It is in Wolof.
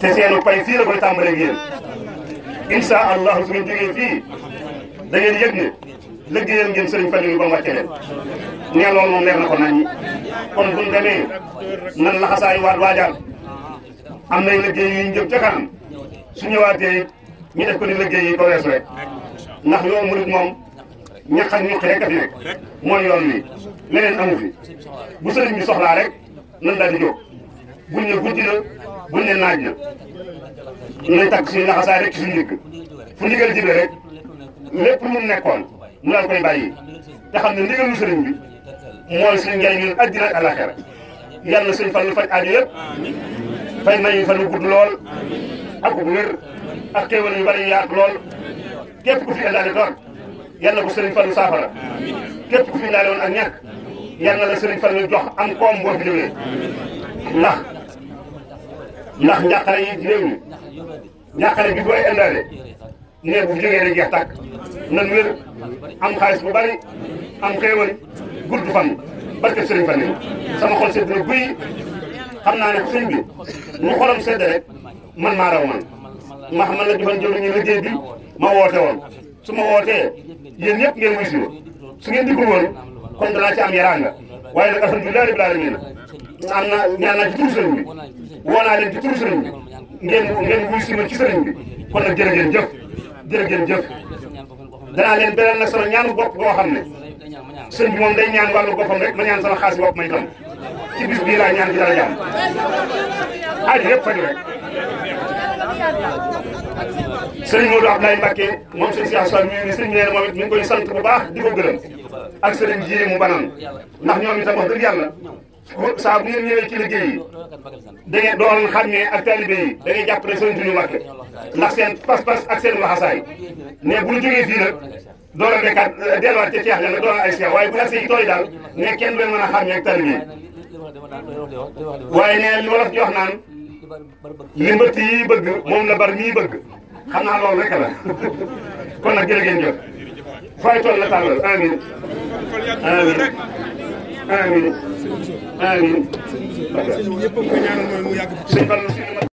te seenu pay fii la koy tàmbalee ak yéen incha allah su ngeen jógee fii da ngeen yëg ne liggéeyal ngeen sëriñ Faliilu ba mu wàcce leen nee loolu moom leer na ko nañ ñi kon buñ demee nan la xasaayu waat waajal am nay liggéey yu ñu jëm ca kanam su ñëwaatee ñu def ko ni liggéey rek ndax yoon murit moom ñax ak ñuq rek a fi nekk mooy yoon wi leneen amu fi bu sëriñ bi soxlaa rek nan daal di jóg buñ ne guddi na buñ ne naaj na ñu takk suñu laxasaay rek ndigg fu ndigal jible rek lépp lu mu nekkoon ñu daal koy bàyyi te xam ne ndigalu sëriñ bi mooy suñu njëriñ ñun àddina ak àllaaxira yàlla suñu fan lu faj aaju yëpp fay nañu fan wu gudd lool ak bu wér ak xéewal yu bari yaatu lool képp ku fi indaale sëriñ fan lu saafara képp ku fi indaale woon ak ñàkk yàlla la sëriñ fan lu jox am koom boo fi ñëwee ndax. ndax njàqare yi ci réew mi njàqare gi du ay indaale ne bu jógee rek jeex tàkk nan wér am xaalis bu bari am xéewal gudd fan barke Serigne Fane sama xol sedd na guy xam naa ne sëñ bi mu xolam sedd rek man maa raw man na xam man la joxoon jëwriñu liggéey bi ma woote woon su ma wootee yéen ñëpp ngeen wuyu si su ngeen digul woon kon danaa am yaraanga waaye nag alhamdulilah rabbil alamin am na ñaan naa ci turu sëriñ bi woo naa leen ci turu sëriñ bi ngeen ngeen wuy si ma ci sëriñ bi kon nag jërë ngeen jëf jërë jëf danaa leen beral nag sama ñaanu bopp boo xam ne sëñ bi moom day ñaan wàllu boppam rek ma ñaan sama xaalis bopp may tam ci bis bii laa ñaan ci dara jàmm aaj yëpp faju rek sëriñ Modou Abdoulaye Mbacke moom si asal mi ni sëriñ nee moom it koy sant bu baax di gërëm ak sëriñ ji mu banaan ndax ñoom itam wax dëgg yàlla saa bu ngeen ñëwee ci liggéey yi da ngeen doon xam ne ak taalibe yi da jàpp ne sëriñ bi ñu wàcce seen pas-pas ak seen laxasaay ne bu ñu jógee fii nag door a eh, delluwaat ca ceex nga doon ay seex waaye bu agsee ci tool yi daal ne kenn doon mën a xam ne ak taalibe yi waaye nee li wolof di wax naan li mbëtt yi bëgg moom la bar mii bëgg xam naa loolu rek la kon nag jërë ngeen jëf fay tool la tàllal amin amin amiin amiin.